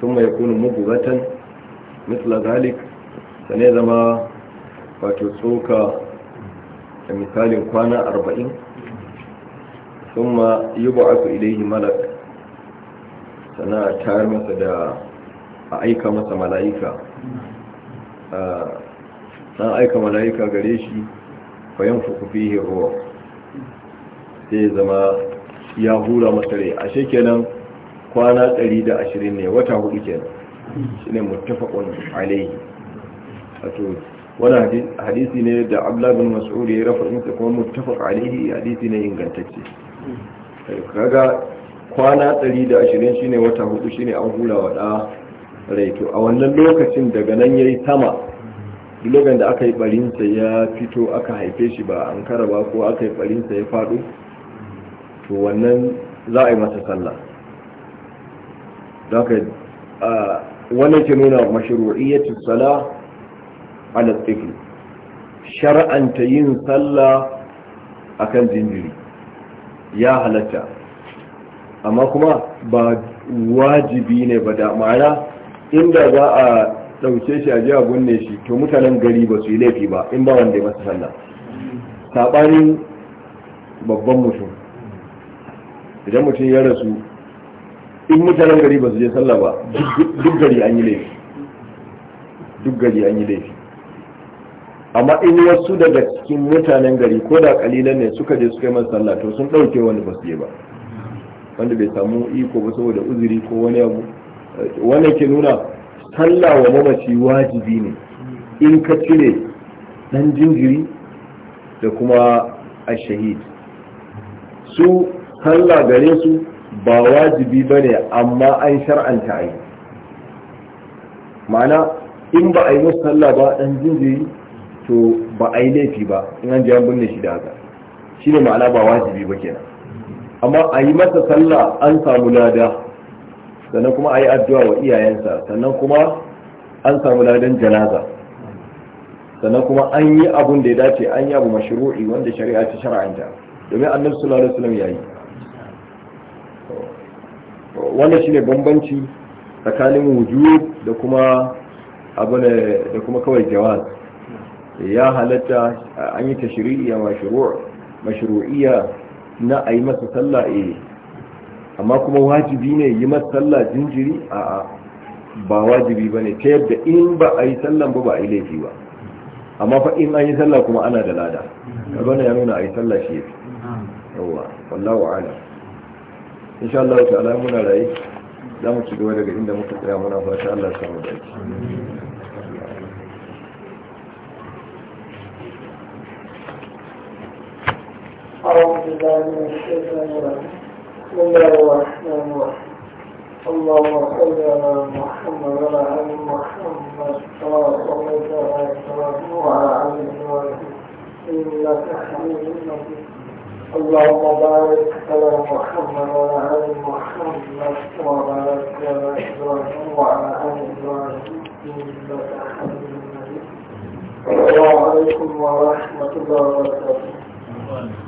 sun mai kuna mugugatan misal zalik sanai zama wato tsoka da misalin kwana arba'in sun ma yi ba aku ilaihi malak sana a tayar masa da a aika masa mala'ika na aika mala'ika gare shi fayan fukufi ruwa sai zama ya hura masa rai a shekenan kwana 120 ne wata hudu kenan shi ne mutafakon alaihi wani hadisi ne da masu wuri ya rafa insa kuma mutafak alaihi hadisi ne ingantacce kaga kwana 120 shine wata hudu shine an hula wa da raito a wannan lokacin daga nan yayi sama lokacin da aka yi barinsa ya fito aka haife shi ba an karaba ko aka yi barinsa ya fado to wannan za a yi masa sallah don ka wannan ke nuna mashiru'iyyatu sala ala tsifi shara'anta yin sallah akan jinjiri ya halatta amma kuma ba wajibi ne ba da ma'ana inda za a dauke shi a jiya gunne shi to mutanen gari ba su yi laifi ba in ba wanda ya masu sallah saɓanin babban mutum idan mutum ya rasu in mutanen gari ba su je sallah ba duk gari an yi laifi duk gari an yi laifi amma in wasu daga cikin mutanen gari ko da kalilan ne suka je suka yi masa sallah to sun ɗauke wani ba su je ba wanda bai samu iko ba saboda uzuri ko wani abu wannan ke nuna sallah wa mamaci wajibi ne in ka cire dan jinjiri da kuma a shahid su sallah gare su ba wajibi ba ne amma an shar'anta a yi ma'ana in ba a yi musu sallah ba dan jinjiri to ba a yi laifi ba in an ji binne shi da haka shi ne ma'ana ba wajibi ba kenan amma a yi masa sallah an samu lada sannan kuma a yi addu'a wa iyayensa sannan kuma an samu ladan janaza sannan kuma an yi abun da ya dace an yi abu mashru'i wanda shari'a ta shara'anta domin annabi sallallahu alaihi wasallam yayi wannan shine bambanci tsakanin wujud da kuma abin da kuma kawai jawaz ya halatta an yi tashri'i ya mashru'i mashru'iyya na a yi masa sallah eh amma kuma wajibi ne yi masa sallah jinjiri a'a ba wajibi ba ne ta yadda in ba a yi sallan ba ba a yi laifi ba amma fa in an yi sallah kuma ana da lada kaga ya nuna a yi sallah shi yafi yawa wallahu a'lam insha Allah ta'ala muna rayi za mu ci gaba daga inda muka tsaya muna fata Allah ya samu dace أعوذ بالله من الشيطان الرجيم بسم الله الرحمن الرحيم اللهم صل على محمد وعلى آل محمد كما صليت على إبراهيم وعلى آل إبراهيم إنك حميد مجيد اللهم بارك على محمد وعلى آل محمد كما باركت على إبراهيم وعلى آل إبراهيم إنك حميد مجيد السلام عليكم ورحمة الله وبركاته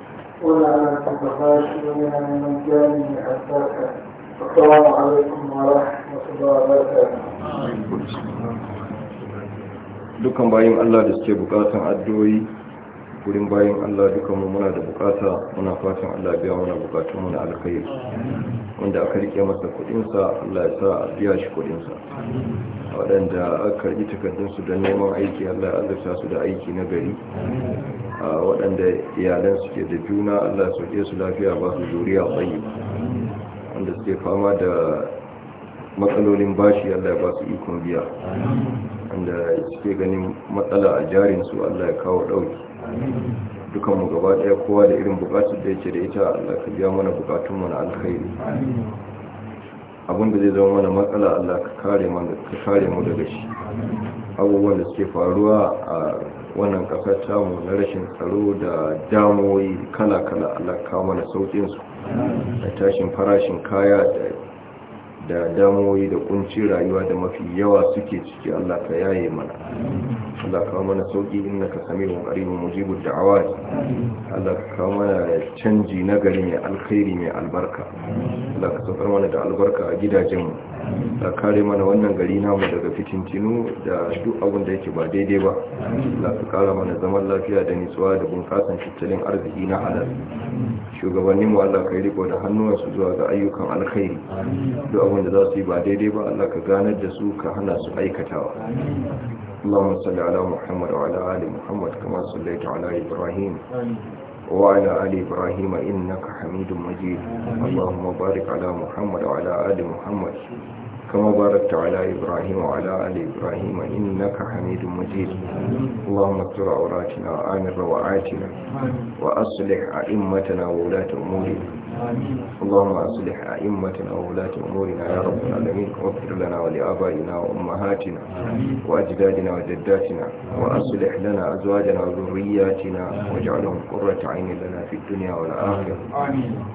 ولا تبغاش من جاني أتاك السلام عليكم ورحمة الله وبركاته dukan bayan Allah da suke bukatan addu'o'i wurin bayan Allah dukanmu muna da bukata muna fatan Allah biya muna bukatunmu na alkhairi wanda aka rike masa kudinsa Allah ya sa a biya shi kudinsa waɗanda aka karbi takardunsu don neman aiki Allah ya azurta su da aiki na gari waɗanda iyalan suke da juna Allah ke su lafiya ba su zuriya bayi wanda suke fama da matsalolin bashi Allah ya ba su ikon biya wanda suke ganin matsala a jarinsu Allah ya kawo ɗauki dukanmu gaba ɗaya kowa da irin bukatun da ya ce da ita Allah ka biya mana bukatun mana alkhairi abinda zai zama mana matsala Allah ka kare mu daga shi abubuwan da suke faruwa a wannan kasar tamu na rashin tsaro da damuwoyi kala-kala Allah kama mana saukinsu da tashin farashin kaya da damuwoyi da kunci rayuwa da mafi yawa suke ciki Allah ka yaye mana Allah ka mana sauki inda ka sami wa mujibu da awaji Allah ka mana canji na gari mai alkhairi mai albarka Allah ka saukar mana da albarka a gidajenmu da kare mana wannan gari namu daga fitintinu da duk abin da yake ba daidai ba da su kara mana zaman lafiya da nitsuwa da bunkasan tattalin arziki na halar. shugabannin mu Allah ka riko da hannuwansu zuwa ga ayyukan alkhairi duk abin da za su yi ba daidai ba Allah ka ganar da su ka hana su aikatawa اللهم صل على محمد وعلى آل محمد كما صليت على إبراهيم وعلى آل إبراهيم إنك حميد مجيد اللهم بارك على محمد وعلى آل محمد كما باركت على إبراهيم وعلى آل إبراهيم إنك حميد مجيد اللهم اكتر عوراتنا وآمن روعاتنا وأصلح أئمتنا وولاة أمورنا اللهم أصلح أئمتنا وولاة أمورنا يا رب العالمين واغفر لنا ولآبائنا وأمهاتنا وأجدادنا وجداتنا وأصلح لنا أزواجنا وذرياتنا واجعلهم قرة عين لنا في الدنيا والآخرة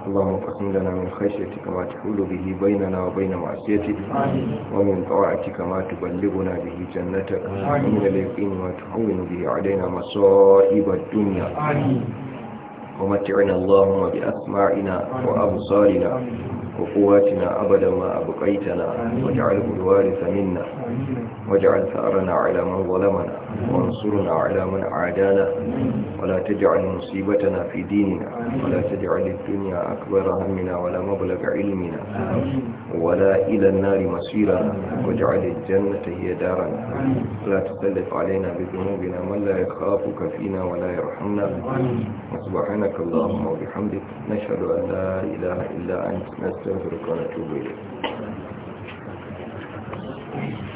اللهم اقسم لنا من خشيتك ما تحول به بيننا وبين معصيتك ومن طاعتك ما تبلغنا به جنتك ومن اليقين ما تحول به علينا مصائب الدنيا ومتعنا اللهم بأسماعنا وأبصارنا وقواتنا أبدا ما أبقيتنا واجعله الوارث منا واجعل ثأرنا على من ظلمنا وانصرنا على من عادانا ولا تجعل مصيبتنا في ديننا ولا تجعل الدنيا أكبر همنا ولا مبلغ علمنا ولا إلى النار مصيرنا واجعل الجنة هي دارنا لا تسلط علينا بذنوبنا من لا يخافك فينا ولا يرحمنا وسبحانك اللهم وبحمدك نشهد أن لا إله إلا أنت نستغفرك ونتوب إليك Thank you.